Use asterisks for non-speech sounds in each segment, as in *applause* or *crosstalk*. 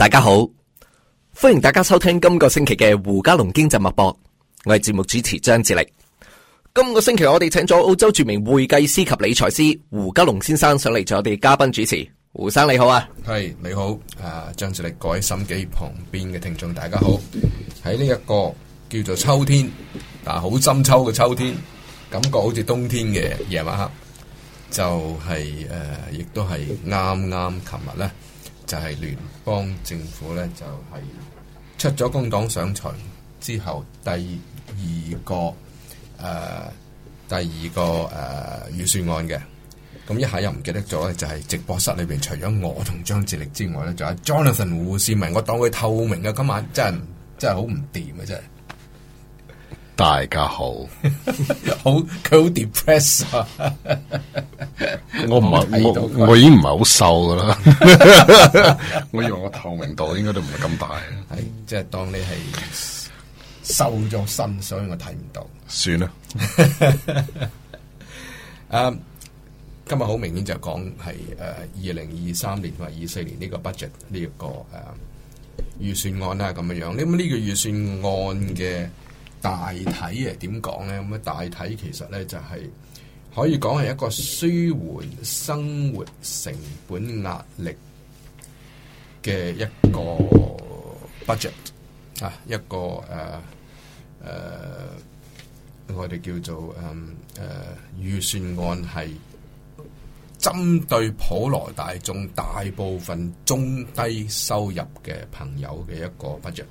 大家好，歡迎大家收聽今個星期嘅胡嘉龍經濟脈搏，我係節目主持張志力。今、這個星期我哋請咗澳洲著名會計師及理財師胡嘉龍先生上嚟做我哋嘉賓主持。胡生你好啊？係你好，啊張志力，各位收音機旁邊嘅聽眾大家好。喺呢一個叫做秋天，但好深秋嘅秋天，感覺好似冬天嘅夜晚黑，就係、是、誒、呃，亦都係啱啱琴日咧。剛剛就係聯邦政府咧，就係、是、出咗工黨上台之後，第二個誒、呃，第二個誒預、呃、算案嘅，咁一下又唔記得咗咧，就係、是、直播室裏邊除咗我同張智力之外咧，仲有 Jonathan 胡士民，我當佢透明啊，今晚真係真係好唔掂啊，真係。真大家好， *laughs* 好佢好 depress 啊。 *laughs* 我唔 *laughs* 我 *laughs* 我已經唔係好瘦噶啦， *laughs* *laughs* *laughs* 我以為我透明度應該都唔係咁大，係即係當你係瘦咗身，所以我睇唔到。算啦了。誒 *laughs* 啊，今日好明顯就講係誒二零二三年同埋二四年呢個 budget 呢、這、一個誒、呃、預算案啦、啊，咁樣樣。你咁呢個預算案嘅？ *laughs* 大體係點講呢？咁啊大體其實呢，就係可以講係一個舒緩生活成本壓力嘅一個 budget 啊，一個誒誒、呃呃，我哋叫做誒誒、呃呃、預算案，係針對普羅大眾大部分中低收入嘅朋友嘅一個 budget。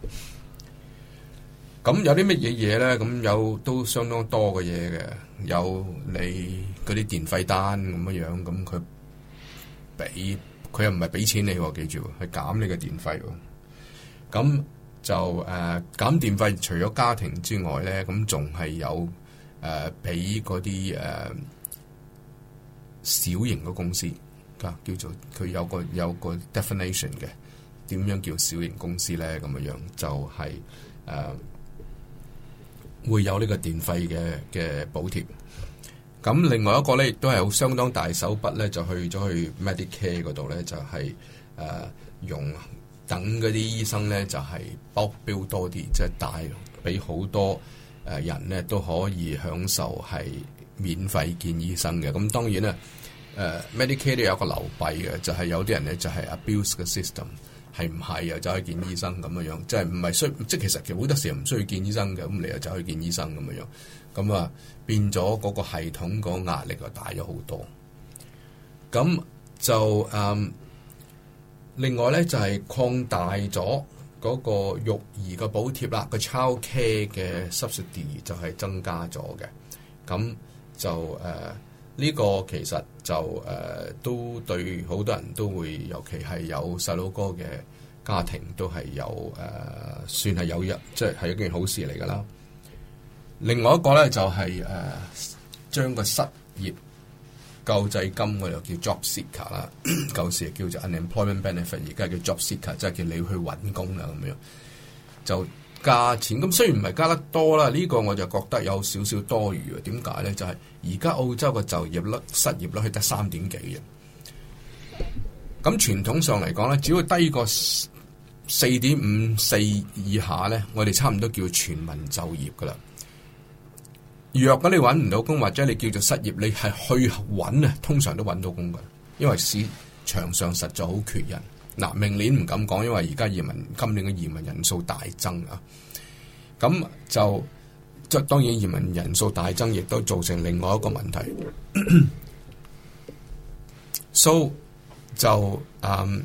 咁有啲乜嘢嘢咧？咁有都相當多嘅嘢嘅，有你嗰啲電費單咁樣樣，咁佢俾佢又唔係俾錢你、啊，記住，係減你嘅電費。咁就誒、呃、減電費，除咗家庭之外咧，咁仲係有誒俾嗰啲誒小型嘅公司，叫做佢有個有個 definition 嘅。點樣叫小型公司咧？咁樣就係、是、誒。呃會有呢個電費嘅嘅補貼，咁另外一個咧，亦都係好相當大手筆咧，就去咗去 Medicare 嗰度咧，就係、是、誒、呃、用等嗰啲醫生咧，就係 bulk bill 多啲，即、就、係、是、帶俾好多誒人咧都可以享受係免費見醫生嘅。咁當然咧，誒、呃、Medicare 都有個流弊嘅，就係、是、有啲人咧就係、是、abuse 個 system。係唔係又走去見醫生咁嘅樣？即係唔係需即係其實其實好多時唔需要見醫生嘅，咁你又走去見醫生咁嘅樣。咁啊變咗嗰個系統嗰壓力就大咗好多。咁就誒、嗯，另外咧就係、是、擴大咗嗰個育兒嘅補貼啦，個 childcare 嘅 subsidy 就係增加咗嘅。咁就誒。呃呢個其實就誒、呃、都對好多人都會，尤其係有細佬哥嘅家庭都係有誒、呃，算係有一，即係係一件好事嚟㗎啦。另外一個咧就係誒將個失業救濟金，我又叫 Job Seeker 啦，舊 *coughs* 時叫做 Unemployment Benefit，而家叫 Job Seeker，即係叫你去揾工啦咁樣就。價錢咁雖然唔係加得多啦，呢個我就覺得有少少多餘啊。點解呢？就係而家澳洲嘅就業率、失業率係得三點幾嘅。咁傳統上嚟講呢，只要低過四點五四以下呢，我哋差唔多叫全民就業噶啦。若果你揾唔到工或者你叫做失業，你係去揾啊，通常都揾到工㗎，因為市場上實在好缺人。嗱，明年唔敢講，因為而家移民今年嘅移民人數大增啊，咁就即當然移民人數大增，亦都造成另外一個問題。 *coughs* So 就嗯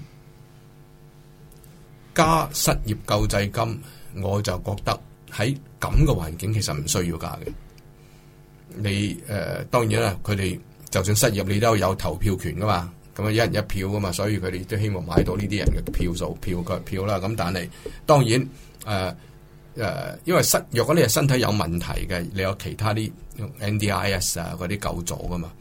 加失業救濟金，我就覺得喺咁嘅環境，其實唔需要加嘅。你誒、呃、當然啦，佢哋就算失業，你都有投票權㗎嘛。咁啊，一人一票噶嘛，所以佢哋都希望買到呢啲人嘅票數、票腳票啦。咁但係當然，誒、呃、誒，因為失，如果你係身體有問題嘅，你有其他啲 NDIS 啊嗰啲救助噶嘛，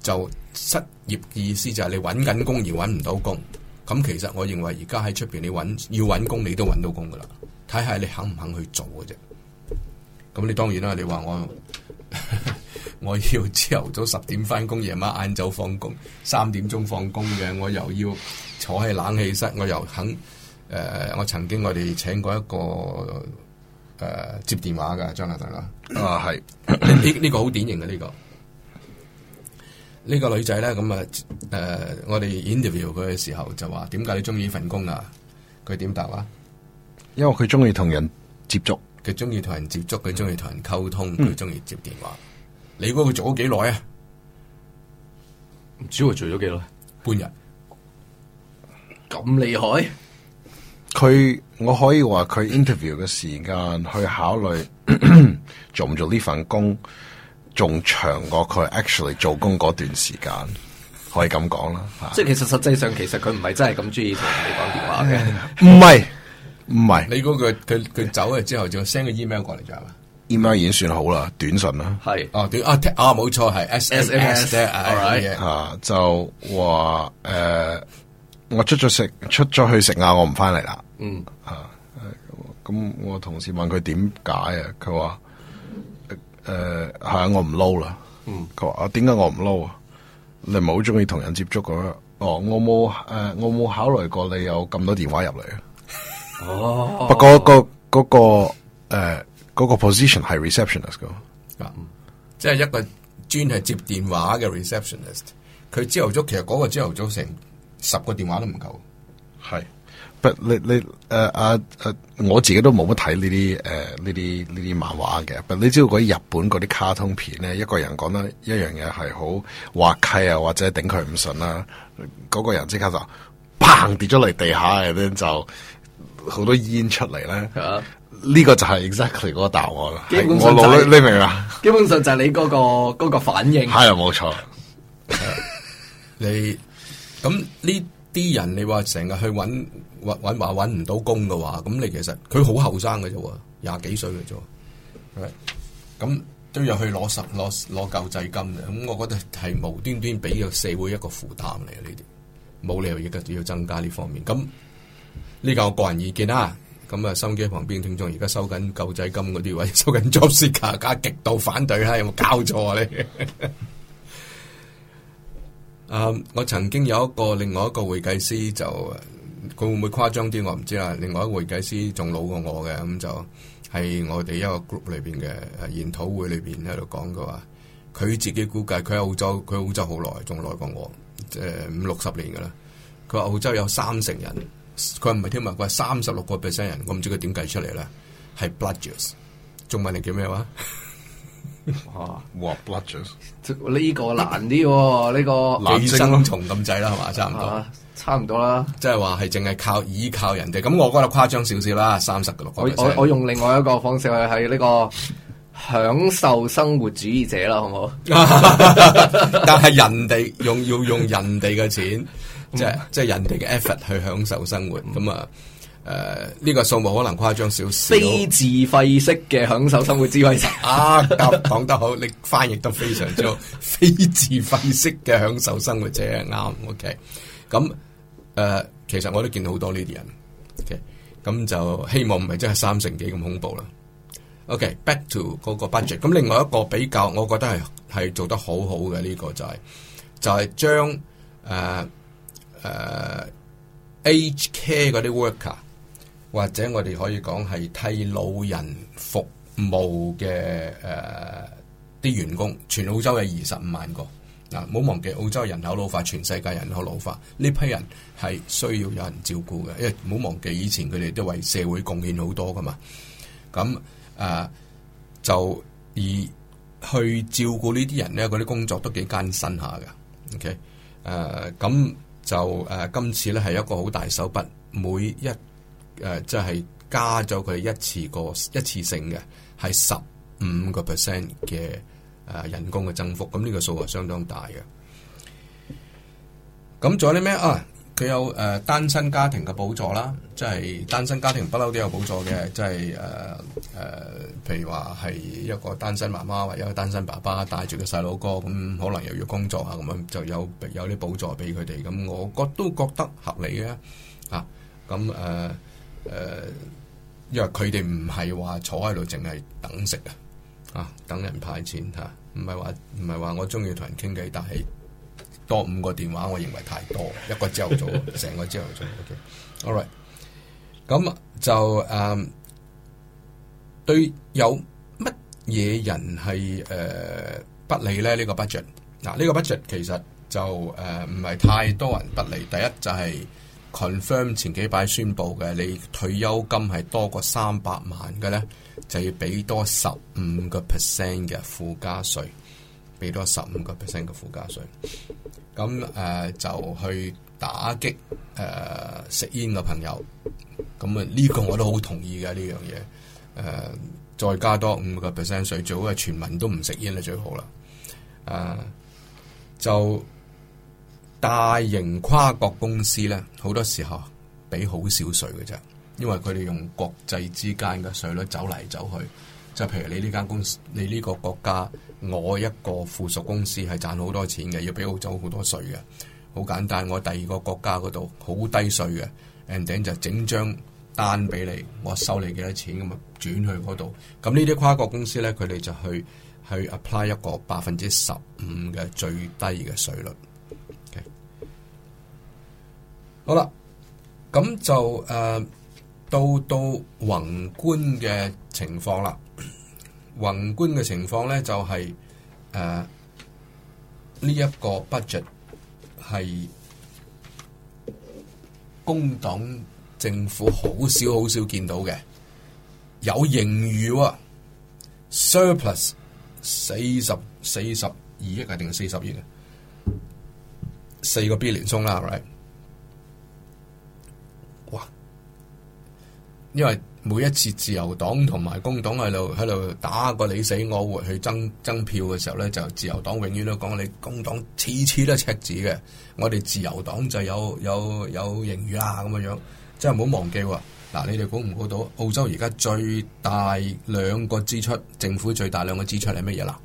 就失業意思就係你揾緊工而揾唔到工。咁其實我認為而家喺出邊你揾要揾工，你都揾到工噶啦，睇下你肯唔肯去做嘅啫。咁你當然啦，你話我。 *laughs* 我要朝頭早十點翻工，夜晚晏晝放工，三點鐘放工嘅，我又要坐喺冷氣室，我又肯誒、呃，我曾經我哋請過一個誒、呃、接電話嘅張阿生啦，啊係呢呢個好、呢個、典型嘅呢、呢個呢、呢個女仔咧，咁啊誒我哋 interview 佢嘅時候就話，點解你中意呢份工啊？佢點答啊？因為佢中意同人接觸。佢中意同人接觸，佢中意同人溝通，佢中意接電話。你估佢做咗幾耐啊？唔知，佢做咗幾耐？半日咁厲害？佢我可以話佢 interview 嘅時間去考慮 *coughs* 做唔做呢份工，仲長過佢 actually 做工嗰段時間，可以咁講啦。即係其實實際上，其實佢唔係真係咁中意同人講電話嘅，唔係。 *coughs* 唔係，你嗰個佢佢走咗之後就 send 個 email 過嚟咗係嘛？email 已經算好啦，短信啦。係哦，短啊啊，冇錯係 S SMS, S M S，係、right. yeah, 啊，就話誒、呃，我出咗食，出咗去食、嗯、啊，我唔翻嚟啦。嗯啊，咁我同事問佢點解啊？佢話誒係啊，我唔撈啦。佢話啊，點解我唔撈啊？你唔係好中意同人接觸咁哦，我冇誒、呃，我冇考慮過你有咁多電話入嚟。哦，不過個嗰個誒個 position 係 receptionist 噶，即係一個專係接電話嘅 receptionist。佢朝頭早其實嗰個朝頭早成十個電話都唔夠。係、mm，但你你誒阿誒，我自己都冇乜睇呢啲誒呢啲呢啲漫畫嘅。但你知道嗰啲日本嗰啲卡通片咧，一個人講得一樣嘢係好滑稽啊，或者頂佢唔順啦，嗰個人即刻就砰跌咗嚟地下嘅咧就。好多煙出嚟咧，呢 Yeah. 個就係 exactly 嗰個答案啦。我攞你，你明嘛？基本上就係、是、你嗰、那個、那個反應。係啊 *laughs* 、yeah，冇錯、 *laughs* uh。你咁呢啲人，你話成日去搵搵搵話搵唔到工嘅話，咁你其實佢好後生嘅啫，廿幾歲嘅啫。咁都要去攞十攞攞救濟金嘅，咁我覺得係無端端俾個社會一個負擔嚟嘅，呢啲冇理由依家要增加呢方面咁。呢個我個人意見啊，咁、嗯、啊，收音機旁邊聽眾而家收緊救濟金嗰啲位，收緊 jobseeker，家極度反對啊，有冇搞錯咧？你 *laughs* 啊，我曾經有一個另外一個會計師，就佢會唔會誇張啲，我唔知啊。另外一個會計師仲老過我嘅，咁、嗯、就係、是、我哋一個 group 裏邊嘅研討會裏邊喺度講嘅話，佢自己估計，佢喺澳洲，佢澳洲好耐，仲耐過我，即、呃、五六十年噶啦。佢話澳洲有三成人。佢唔係聽聞，佢係三十六個 percent 人，我唔知佢點計出嚟啦。係 bladders，中文係叫咩話？哇，what b l u d d e r s 呢個難啲，呢、這個寄清生蟲咁滯啦，係嘛、啊？差唔多，差唔多啦。即係話係淨係靠依靠人哋，咁我覺得誇張少少啦，三十六個。我我我用另外一個方式去係呢個享受生活主義者啦，好唔好？ *laughs* *laughs* 但係人哋用要用人哋嘅錢。即係即係人哋嘅 effort 去享受生活，咁、嗯、啊誒呢、呃這個數目可能誇張少少，非自費式嘅享受生活之謂。 *laughs* 啊，講得好，你翻譯得非常之好， *laughs* 非自費式嘅享受生活者，啱。OK，咁誒、呃，其實我都見到好多呢啲人。OK，咁就希望唔係真係三成幾咁恐怖啦。OK，back、okay, to 嗰個 budget。咁另外一個比較，我覺得係係做得好好嘅呢個就係、是、就係將誒。呃誒 age care 嗰啲 worker，或者我哋可以講係替老人服務嘅誒，啲員工，全澳洲係二十五萬個，嗱，唔好忘記澳洲人口老化，全世界人口老化，呢批人係需要有人照顧嘅，因為唔好忘記以前佢哋都為社會貢獻好多噶嘛，咁誒就而去照顧呢啲人咧，嗰啲工作都幾艱辛下噶，ok，誒咁。就誒、呃、今次咧係一個好大手筆，每一誒即係加咗佢一次過一次性嘅係十五個 percent 嘅誒人工嘅增幅，咁呢個數係相當大嘅。咁仲有啲咩啊？佢有誒，單身家庭嘅補助啦，即係單身家庭不嬲都有補助嘅，即係誒誒，譬如話係一個單身媽媽或者一個單身爸爸帶住個細佬哥咁，可能又要工作啊咁樣，就有有啲補助俾佢哋咁，我覺都覺得合理嘅啊。咁誒誒，因為佢哋唔係話坐喺度淨係等食啊，啊，等人派錢嚇，唔係話唔係話我中意同人傾偈，但係。多五個電話，我認為太多。一個朝頭早，成 *laughs* 個朝頭早。O、okay. K，All right，咁就誒，uh, 對有乜嘢人係誒、uh, 不利咧？呢、這個 budget，嗱、啊，呢、這個 budget 其實就誒唔係太多人不利。第一就係 confirm 前幾擺宣布嘅，你退休金係多過三百萬嘅咧，就要俾多十五個 percent 嘅附加稅，俾多十五個 percent 嘅附加稅。咁誒、嗯、就去打擊誒、呃、食煙嘅朋友，咁啊呢個我都好同意嘅呢樣嘢。誒、呃、再加多五個 percent 稅，最好係全民都唔食煙咧，最好啦。誒、呃、就大型跨國公司咧，好多時候俾好少稅嘅啫，因為佢哋用國際之間嘅稅率走嚟走去。就譬如你呢間公司，你呢個國家，我一個附屬公司係賺好多錢嘅，要俾澳洲好多稅嘅。好簡單，我第二個國家嗰度好低稅嘅，ending 就整張單俾你，我收你幾多錢咁啊，轉去嗰度。咁呢啲跨國公司咧，佢哋就去去 apply 一個百分之十五嘅最低嘅稅率。Okay. 好啦，咁就誒、uh, 到到宏觀嘅。情況啦，宏觀嘅情況咧就係誒呢一個 budget 係工黨政府好少好少見到嘅，有盈餘喎，surplus 四十四十二億定係四十億啊，四個 B 連中啦 right？哇！因為每一次自由黨同埋工黨喺度喺度打個你死我活去爭爭票嘅時候咧，就自由黨永遠都講你工黨次次都赤字嘅，我哋自由黨就有有有盈餘啦咁嘅樣，即係唔好忘記喎、啊。嗱，你哋估唔估到澳洲而家最大兩個支出，政府最大兩個支出係乜嘢啦？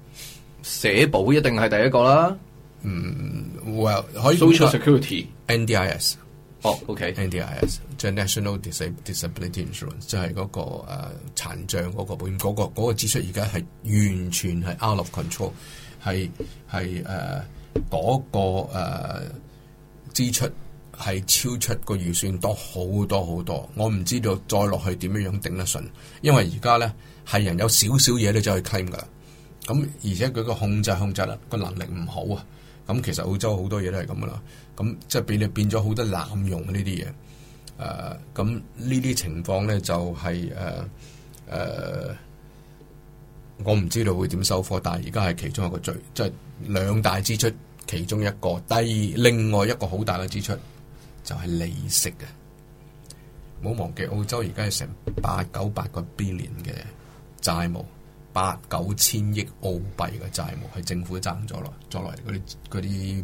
社保一定係第一個啦。嗯，話、Well, 可以 Social Security, NDIS。o、oh, k、okay. NDIS 即係 National Disability Insurance，就係嗰、那個誒、呃、殘障嗰、那個保險，嗰、那個那個支出而家係完全係 out of control，係係誒嗰個、呃、支出係超出個預算多好多好多，我唔知道再落去點樣樣頂得順，因為而家咧係人有少少嘢咧就去 claim 噶，咁、嗯、而且佢個控制控制啦個能力唔好啊，咁、嗯、其實澳洲好多嘢都係咁噶啦。咁即係俾你變咗好多濫用呢啲嘢，誒咁呢啲情況咧就係誒誒，我唔知道會點收貨，但係而家係其中一個最即係兩大支出其中一個，第二，另外一個好大嘅支出就係、是、利息嘅。唔好忘記澳洲而家係成八九百個 B 年嘅債務，八九千億澳幣嘅債務係政府爭咗落，再來嗰啲嗰啲。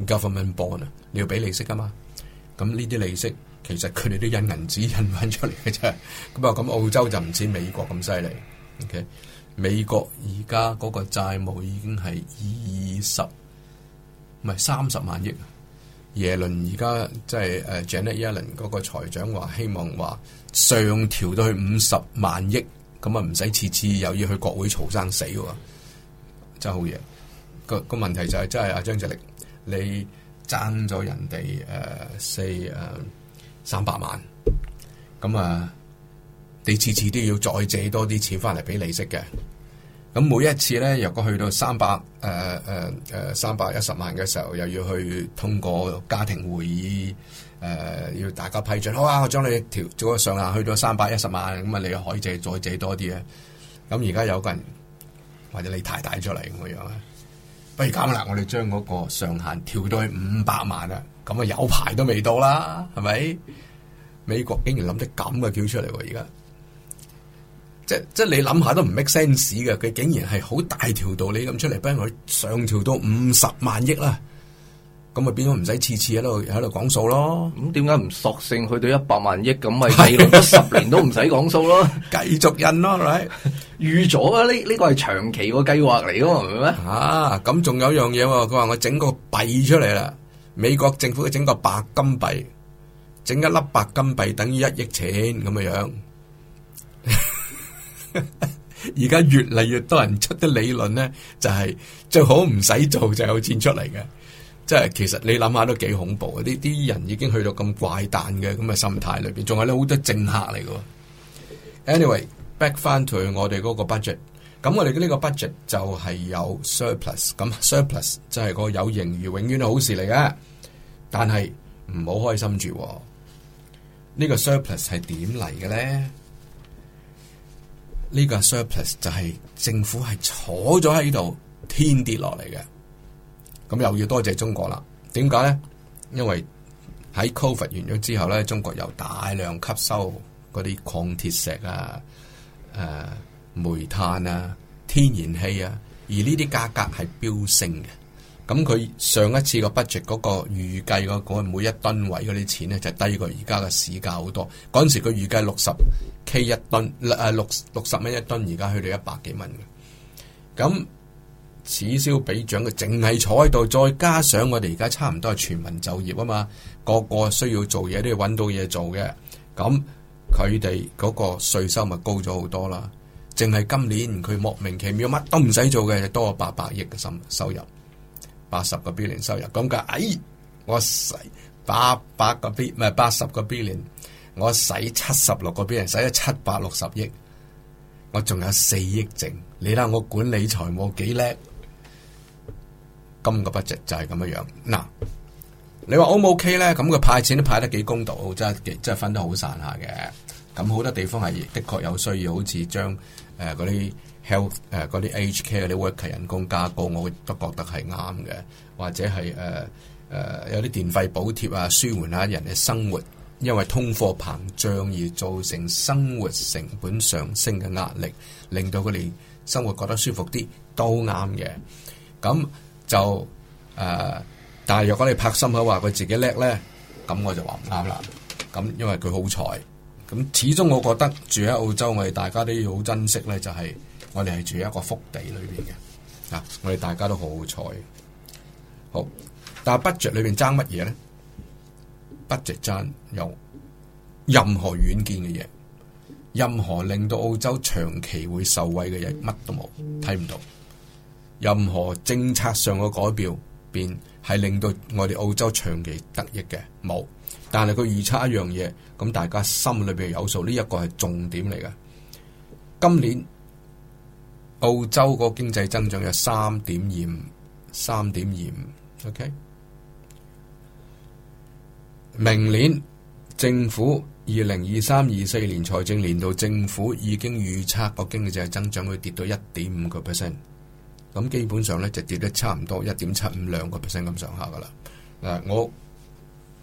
government bond 啊，你要俾利息噶嘛？咁呢啲利息，其實佢哋都印銀紙印翻出嚟嘅啫。咁啊，咁澳洲就唔似美國咁犀利。OK 美國而家嗰個債務已經係二十，唔係三十萬億。耶倫而家即係誒 Janet Yellen 嗰個財長話希望話上調到去五十萬億，咁啊唔使次次又要去國會嘈生死喎，真係好嘢。個個問題就係、是、真係阿張哲力。你爭咗人哋誒四誒三百萬，咁啊，uh, 你次次都要再借多啲錢翻嚟俾利息嘅。咁每一次咧，若果去到三百誒誒誒三百一十萬嘅時候，又要去通過家庭會議誒，uh, 要大家批准。好哇！我將你調個上限去到三百一十萬，咁啊，你可以再借再借多啲啊。咁而家有個人或者你太太出嚟咁嘅樣不如咁啦，我哋將嗰個上限調到去五百萬啊！咁啊有排都未到啦，係咪？美國竟然諗得咁嘅橋出嚟，而家即係即係你諗下都唔 make sense 嘅，佢竟然係好大條道理咁出嚟，不如佢上調到五十萬億啦。咁咪變咗唔使次次喺度喺度講數咯？咁點解唔索性去到一百萬億咁咪？係十年都唔使講數咯，繼 *laughs* 續印咯，預、right? 咗、 *laughs* 這個這個、啊！呢呢個係長期個計劃嚟噶嘛？明唔明啊？啊！咁仲有一樣嘢喎，佢話我整個幣出嚟啦，美國政府整個白金幣，整一粒白金幣等於一億錢咁嘅樣。而 *laughs* 家越嚟越多人出啲理論咧，就係、是、最好唔使做就有錢出嚟嘅。即係其實你諗下都幾恐怖啊！呢啲人已經去到咁怪誕嘅咁嘅心態裏邊，仲有咧好多政客嚟嘅。Anyway，back 翻佢我哋嗰個 budget，咁我哋嘅呢個 budget 就係有 surplus，咁 surplus 就係個有盈餘，永遠好事嚟嘅。但係唔好開心住、啊，呢個、呢、呢個 surplus 係點嚟嘅咧？呢個 surplus 就係政府係坐咗喺度，天跌落嚟嘅。咁又要多謝中國啦？點解呢？因為喺 Covid 完咗之後呢，中國又大量吸收嗰啲礦鐵石啊、誒、啊、煤炭啊、天然氣啊，而呢啲價格係飆升嘅。咁佢上一次 bud、嗰個 budget 嗰個預計嗰個每一噸位嗰啲錢呢，就低過而家嘅市價好多。嗰陣時佢預計六十 K 一噸，誒六六十蚊一噸，而家去到一百幾蚊嘅。咁此消彼長嘅，淨係坐喺度，再加上我哋而家差唔多係全民就業啊嘛，個個需要做嘢都要揾到嘢做嘅，咁佢哋嗰個稅收咪高咗好多啦？淨係今年佢莫名其妙乜都唔使做嘅，就多咗八百億嘅收收入，八十個 billion 收入咁嘅，哎，我使八百個 b 唔係八十個 billion，我使七十六個 billion，使咗七百六十億，我仲有四億剩，你睇我管理財務幾叻？今個筆值就係咁樣樣嗱，你話 O 唔 O K 咧？咁佢派錢都派得幾公道，真係真係分得好散下嘅。咁好多地方係的確有需要，好似將誒嗰、呃、啲 health 誒、呃、啲 age care 啲 worker 人工加高，我都覺得係啱嘅。或者係誒誒有啲電費補貼啊，舒緩下、啊、人嘅生活，因為通貨膨脹而造成生活成本上升嘅壓力，令到佢哋生活覺得舒服啲都啱嘅。咁就誒、呃，但係若果你拍心口話佢自己叻咧，咁我就話唔啱啦。咁因為佢好彩，咁始終我覺得住喺澳洲，我哋大家都要好珍惜咧。就係、是、我哋係住喺一個福地裏邊嘅，啊，我哋大家都好好彩。好，但係 budget 裏邊爭乜嘢咧？budget 爭有任何遠見嘅嘢，任何令到澳洲長期會受惠嘅嘢，乜都冇，睇唔到。任何政策上嘅改變，便係令到我哋澳洲長期得益嘅冇。但係佢預測一樣嘢，咁大家心裏邊有數，呢一個係重點嚟嘅。今年澳洲個經濟增長有三點二五，三點二五。OK，明年政府二零二三二四年財政年度政府已經預測個經濟增長會跌到一點五個 percent。咁基本上咧就跌得差唔多一點七五兩個 percent 咁上下噶啦，誒、啊、我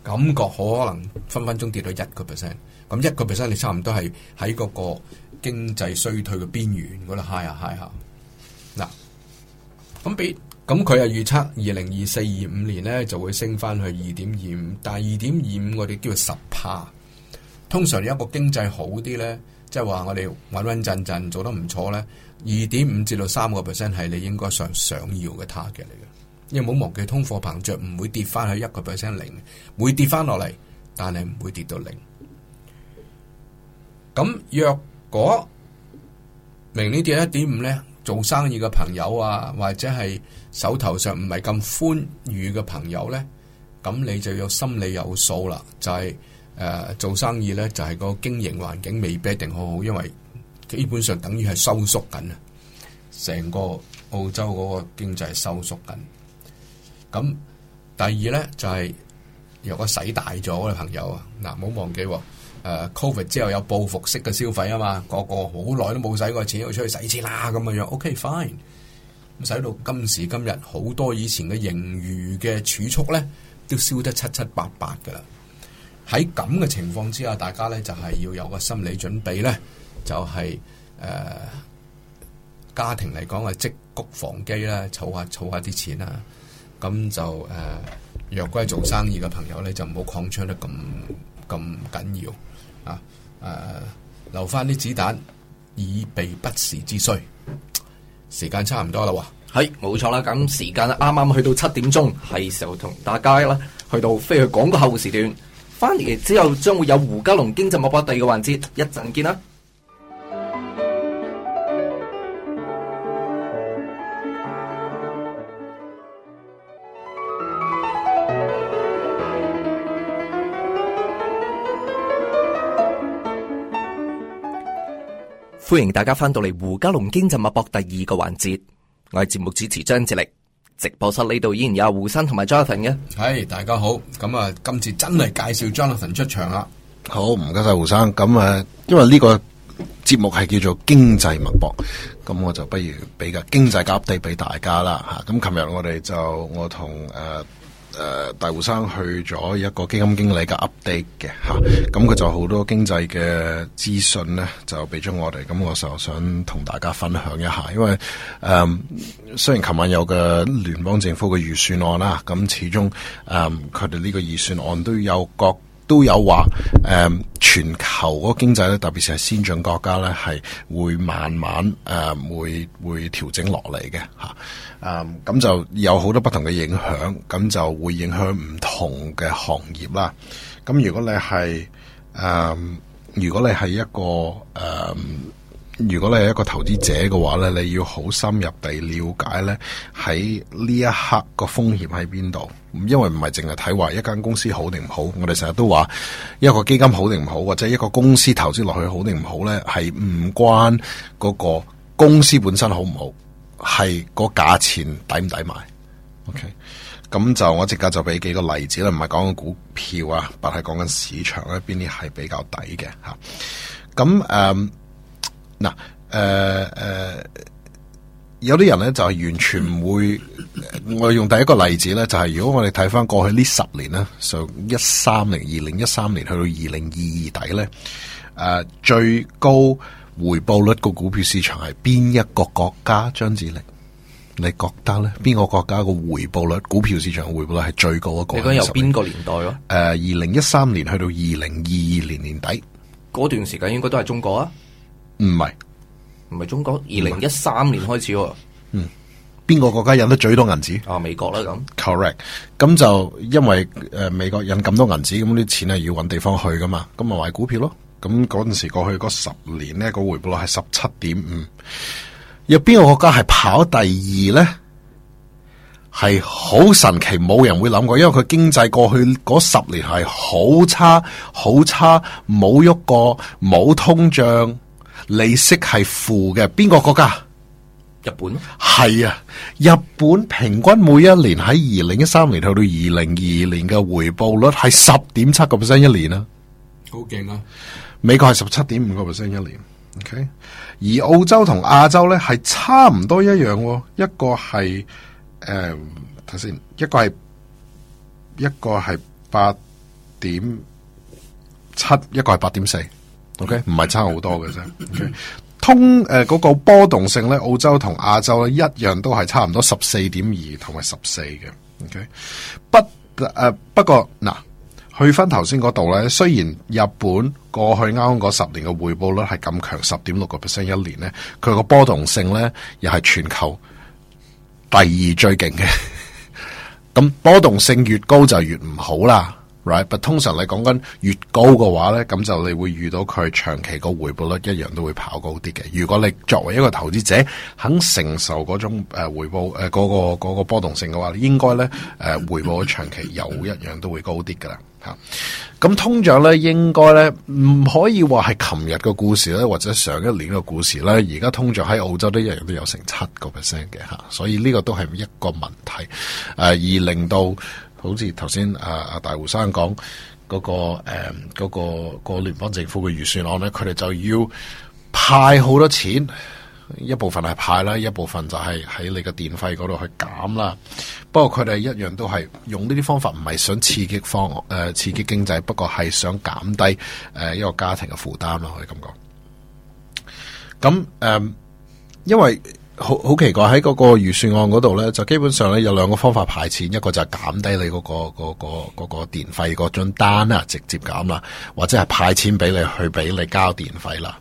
感覺可能分分鐘跌到一個 percent，咁一個 percent 你差唔多係喺嗰個經濟衰退嘅邊緣嗰度，high 下 high 下，嗱、啊，咁俾咁佢又預測二零二四二五年咧就會升翻去二點二五，但係二點二五我哋叫做十趴，通常有一個經濟好啲咧，即係話我哋穩穩陣陣做得唔錯咧。二點五至到三個 percent 係你應該想想要嘅 target 嚟嘅，因為冇忘記通貨膨脹唔會跌翻去一個 percent 零嘅，0, 會跌翻落嚟，但係唔會跌到零。咁若果明年跌一點五咧，做生意嘅朋友啊，或者係手頭上唔係咁寬裕嘅朋友咧，咁你就要心理有數啦，就係、是、誒、呃、做生意咧就係、是、個經營環境未必一定好好，因為。基本上等於係收縮緊啊！成個澳洲嗰個經濟收縮緊。咁第二呢，就係、是、如果使大咗嘅朋友啊，嗱，唔好忘記喎。啊、Covid 之後有報復式嘅消費啊嘛，個個好耐都冇使過錢，又出去使錢啦，咁嘅樣。OK，fine、OK。使到今時今日，好多以前嘅盈餘嘅儲蓄呢，都燒得七七八八噶啦。喺咁嘅情況之下，大家呢就係、是、要有個心理準備呢。就係、是、誒、呃，家庭嚟講啊積穀防饑啦，儲下儲下啲錢啦。咁就誒、呃，若果係做生意嘅朋友咧，就唔好擴張得咁咁緊要啊。誒、啊，留翻啲子彈以備不時之需。時間差唔多啦喎，係冇錯啦。咁時間啱啱去到七點鐘，係時候同大家啦去到飛去廣告後時段。翻嚟之後將會有胡嘉龍經濟脈搏第二個環節，一陣見啦。歡迎大家翻到嚟，胡嘉龍經濟脈搏第二個環節，我係節目主持張智力，直播室呢度依然有胡生同埋 Jonathan 嘅，係、hey，大家好。咁啊今次真係介紹 Jonathan 出場啦，好唔該晒胡生，咁啊因為呢個節目係叫做經濟脈搏，咁我就不如俾個經濟夾地俾大家啦吓，咁琴日我哋就我同誒。呃誒，uh, 大胡生去咗一個基金經理嘅 update 嘅嚇，咁、啊、佢、嗯、就好多經濟嘅資訊咧，就俾咗我哋，咁、嗯、我就想同大家分享一下，因為誒、嗯，雖然琴晚有個聯邦政府嘅預算案啦，咁、啊嗯、始終誒，佢哋呢個預算案都要有各。都有話誒、嗯，全球嗰個經濟咧，特別是係先進國家咧，係會慢慢誒、嗯，會會調整落嚟嘅嚇。誒、嗯、咁就有好多不同嘅影響，咁就會影響唔同嘅行業啦。咁如果你係誒、嗯，如果你係一個誒。嗯如果你係一個投資者嘅話呢，你要好深入地了解呢，喺呢一刻個風險喺邊度，因為唔係淨係睇話一間公司好定唔好。我哋成日都話一個基金好定唔好，或者一個公司投資落去好定唔好呢，係唔關嗰個公司本身好唔好，係個價錢抵唔抵買。OK，咁、嗯、就我即刻就俾幾個例子啦，唔係講緊股票啊，但係講緊市場呢邊啲係比較抵嘅嚇。咁、啊、誒。嗯嗱，誒誒、呃呃呃，有啲人咧就係完全唔會，我用第一個例子咧，就係、是、如果我哋睇翻過去呢十年咧，上一三年、二零一三年去到二零二二底咧，誒、呃、最高回報率個股票市場係邊一個國家？張智霖，你覺得咧？邊個國家個回報率股票市場回報率係最高一嘅？你講由邊個年代咯？誒、呃，二零一三年去到二零二二年年底，嗰段時間應該都係中國啊。唔係，唔係中國。二零一三年開始，嗯，邊個國家引得最多銀紙？啊，美國啦咁。Correct，咁就因為誒、呃、美國引咁多銀紙，咁啲錢係要搵地方去噶嘛，咁咪買股票咯。咁嗰陣時過去嗰十年呢，個回報率係十七點五。有邊個國家係跑第二咧？係好神奇，冇人會諗過，因為佢經濟過去嗰十年係好差，好差，冇喐過，冇通脹。利息係負嘅，邊個國家？日本係啊，日本平均每一年喺二零一三年到到二零二二年嘅回報率係十點七個 percent 一年啦，好勁啊！啊美國係十七點五個 percent 一年，OK。而澳洲同亞洲咧係差唔多一樣、哦，一個係誒，呃、睇先，一個係一個係八點七，一個係八點四。OK，唔係差好多嘅啫。Okay? 通誒，嗰、呃嗰個波動性咧，澳洲同亞洲咧一樣都係差唔多十四點二同埋十四嘅。OK，不誒、呃，不過嗱，去翻頭先嗰度咧，雖然日本過去啱啱嗰十年嘅回報率係咁強十點六個 percent 一年咧，佢個波動性咧又係全球第二最勁嘅。咁、 *laughs* 嗯、波動性越高就越唔好啦。但、right. 通常你講緊越高嘅話咧，咁就你會遇到佢長期個回報率一樣都會跑高啲嘅。如果你作為一個投資者肯承受嗰種誒、呃、回報誒嗰、呃那個、那個波動性嘅話，應該咧誒回報長期又一樣都會高啲噶啦吓。咁、啊、通脹咧，應該咧唔可以話係琴日嘅故事咧，或者上一年嘅故事咧，而家通脹喺澳洲都一樣都有成七個 percent 嘅吓，所以呢個都係一個問題誒、啊，而令到。好似頭先阿阿大胡生講嗰個誒、嗯嗰個、嗰個聯邦政府嘅預算案咧，佢哋就要派好多錢，一部分係派啦，一部分就係喺你嘅電費嗰度去減啦。不過佢哋一樣都係用呢啲方法，唔係想刺激方案誒、呃、刺激經濟，不過係想減低誒、呃、一個家庭嘅負擔咯，可以咁講。咁誒、嗯，因為。好好奇怪喺嗰個預算案嗰度呢，就基本上呢，有兩個方法派錢，一個就係減低你嗰、嗰個嗰、嗰個嗰、嗰個電費張、嗰個、單啊，直接減啦，或者係派錢俾你去俾你交電費啦。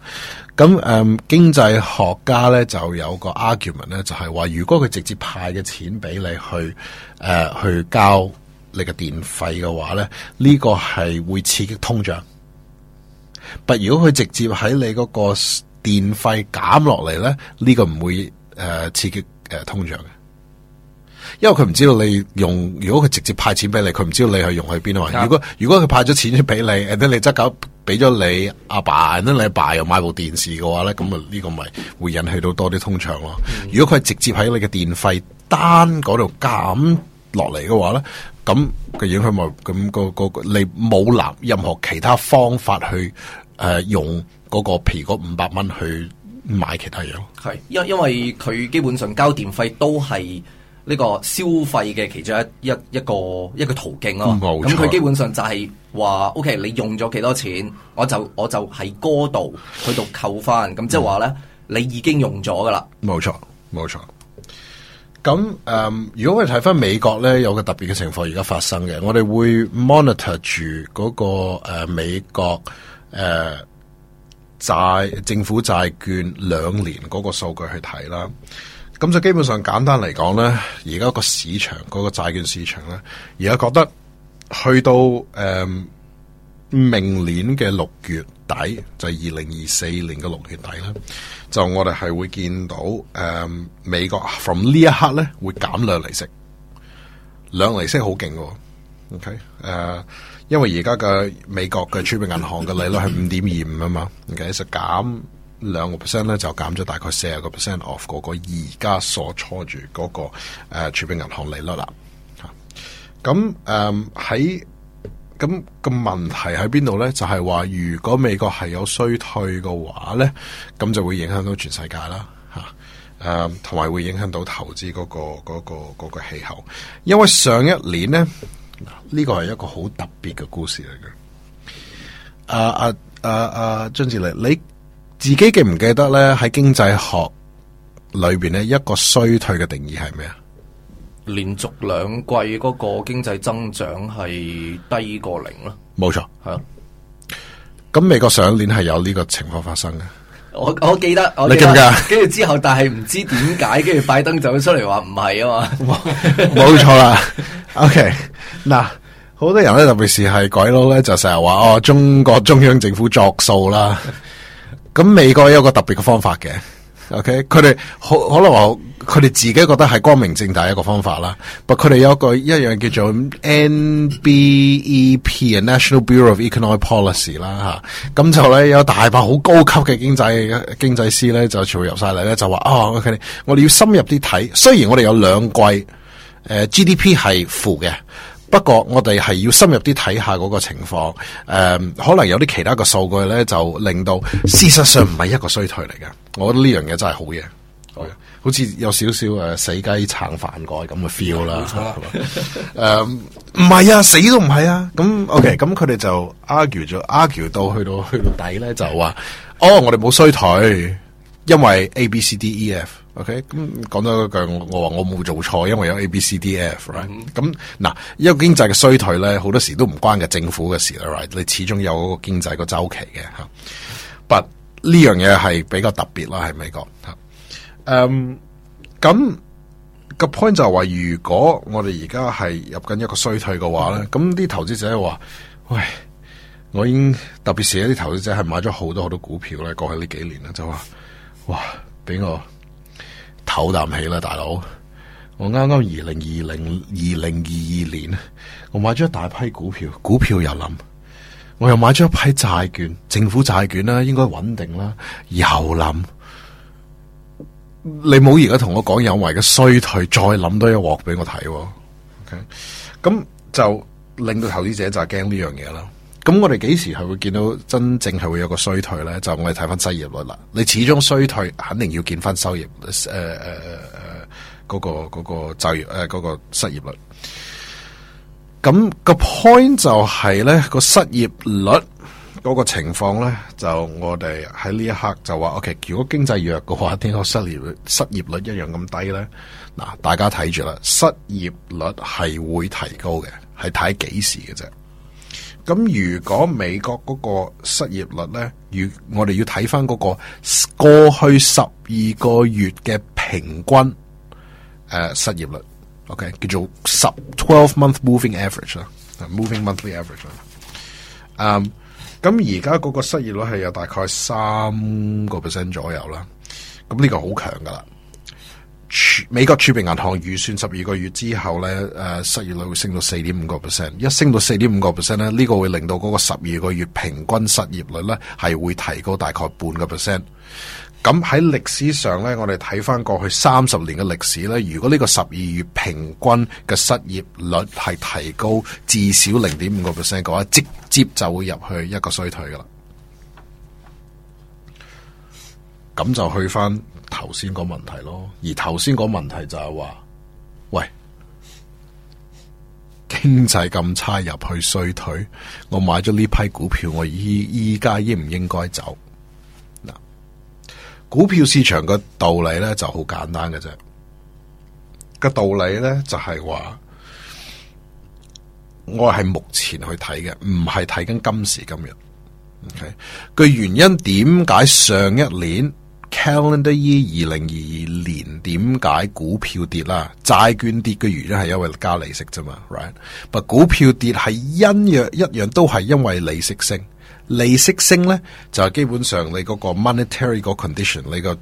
咁誒、嗯，經濟學家呢，就有個 argument 呢，就係、係、話如果佢直接派嘅錢俾你去誒、呃、去交你嘅電費嘅話呢，呢、呢個係會刺激通脹。但如果佢直接喺你嗰個電費減落嚟呢，呢、呢個唔會。誒、呃，刺激誒、呃、通脹嘅，因為佢唔知道你用，如果佢直接派錢俾你，佢唔知道你係用喺邊啊嘛。如果如果佢派咗錢出俾你，嗯、你則搞俾咗你阿爸，爸，咁你阿爸，爸又買部電視嘅話咧，咁啊呢個咪會引起到多啲通脹咯。嗯、如果佢係直接喺你嘅電費單嗰度減落嚟嘅話咧，咁佢影響咪咁個個，個，個你冇立任何其他方法去誒、呃、用嗰、那個譬如五百蚊去。買其他嘢咯，係，因因為佢基本上交電費都係呢個消費嘅其中一一一個一個途徑咯。冇錯，咁佢基本上就係話，OK，你用咗幾多錢，我就我就喺嗰度去度扣翻，咁即係話咧，你已經用咗噶啦。冇錯，冇錯。咁誒，如果我哋睇翻美國咧，有個特別嘅情況而家發生嘅，我哋會 monitor 住嗰個誒、呃、美國誒。呃債政府債券兩年嗰個數據去睇啦，咁就基本上簡單嚟講呢，而家個市場嗰、那個債券市場呢，而家覺得去到誒、嗯、明年嘅六月底就係二零二四年嘅六月底啦，就我哋係會見到誒、嗯、美國 from 呢一刻呢會減量利息，兩厘利息好勁嘅，ok 誒、uh。因為而家嘅美國嘅儲備銀行嘅利率係五點二五啊嘛，其實減兩個 percent 咧就減咗大概四十個 percent off 個而家所錯住嗰個誒儲備銀行利率啦。吓、啊，咁誒喺咁個問題喺邊度咧？就係、是、話如果美國係有衰退嘅話咧，咁就會影響到全世界啦。吓、啊，誒同埋會影響到投資嗰、那個嗰、那個、那個氣候，因為上一年咧。嗱，呢個係一個好特別嘅故事嚟嘅啊。阿阿阿阿張志力，你自己記唔記得呢？喺經濟學裏邊咧，一個衰退嘅定義係咩啊？連續兩季嗰個經濟增長係低過零咯。冇錯，係。咁美國上一年係有呢個情況發生嘅。我我記得我你記唔記啊，跟住之後但，但係唔知點解，跟住拜登走出嚟話唔係啊嘛哇，冇錯啦。OK，嗱，好多人咧，特別是係鬼佬咧，就成日話哦，中國中央政府作數啦。咁美國有個特別嘅方法嘅。OK，佢哋好可能話佢哋自己覺得係光明正大一個方法啦。不過佢哋有一個一樣叫做 NBEP National Bureau of Economic Policy 啦吓。咁、啊嗯、就咧有大把好高級嘅經濟經濟師咧就全部入晒嚟咧就話啊，我哋要深入啲睇。雖然我哋有兩季誒、呃、GDP 係負嘅，不過我哋係要深入啲睇下嗰個情況。誒、呃，可能有啲其他嘅數據咧就令到事實上唔係一個衰退嚟嘅。我覺得呢樣嘢真係好嘢，Okay. 好似有少少誒死雞撐飯蓋咁嘅 feel 啦。誒唔係啊，死都唔係啊。咁 OK，咁佢哋就 argue 咗 *laughs* ，argue 到去到去到底咧，就話：哦，我哋冇衰退，因為 A B C D E F OK。咁講多句，我我話我冇做錯，因為有 A B C D E F、right? mm.。咁嗱，一個經濟嘅衰退咧，好多時都唔關嘅政府嘅事啦、right? 你始終有嗰個經濟個週期嘅嚇。呢樣嘢係比較特別啦，喺美國。Um, 嗯，咁個 point 就係話，如果我哋而家係入緊一個衰退嘅話咧，咁啲投資者話：，喂、mm hmm.，我已經，特別是一啲投資者係買咗好多好多股票咧，過去呢幾年咧，就話，哇，俾我唞啖氣啦，大佬！我啱啱二零二零二零二二年，我買咗一大批股票，股票又冧。我又買咗一批債券，政府債券啦，應該穩定啦。又諗，你冇而家同我講有為嘅衰退，再諗多一鑊俾我睇喎。咁 Okay. 就令到投資者就係驚呢樣嘢啦。咁我哋幾時係會見到真正係會有個衰退咧？就我哋睇翻失業率啦。你始終衰退，肯定要見翻收益。誒誒誒誒，呃呃嗰個、嗰個就業誒，嗰個嗰個嗰個嗰個失業率。咁個 point 就係咧，個失業率嗰個情況咧，就我哋喺呢一刻就話，OK，如果經濟弱嘅話，點解失業率失業率一樣咁低咧？嗱，大家睇住啦，失業率係會提高嘅，係睇幾時嘅啫。咁如果美國嗰個失業率咧，如我哋要睇翻嗰個過去十二個月嘅平均誒，呃、失業率。OK，叫做十 twelve month moving average 啦，uh，moving monthly average 啦。嗯，咁而家個失業率係有大概三個 percent 左右啦。咁呢個好強噶啦。美國儲備銀行預算十二個月之後咧，誒，失業率會升到四點五個 percent。一升到四點五個 percent 咧，呢個會令到個十二個月平均失業率咧係會提高大概半個 percent。咁喺歷史上呢，我哋睇翻過去三十年嘅歷史呢。如果呢個十二月平均嘅失業率係提高至少零點五個 percent 嘅話，直接就會入去一個衰退噶啦。咁就去翻頭先個問題咯。而頭先個問題就係話，喂，經濟咁差入去衰退，我買咗呢批股票，我依依家應唔應該走？股票市場嘅道理咧就好簡單嘅啫，個道理咧就係話，我係目前去睇嘅，唔係睇緊今時今日。OK，個原因點解上一年 calendar year 二零二二年點解股票跌啦、債券跌嘅原因係因為加利息啫嘛，right？不股票跌係因若一樣都係因為利息升。利息升咧，就係、是、基本上你嗰個 monetary 個 condition，你個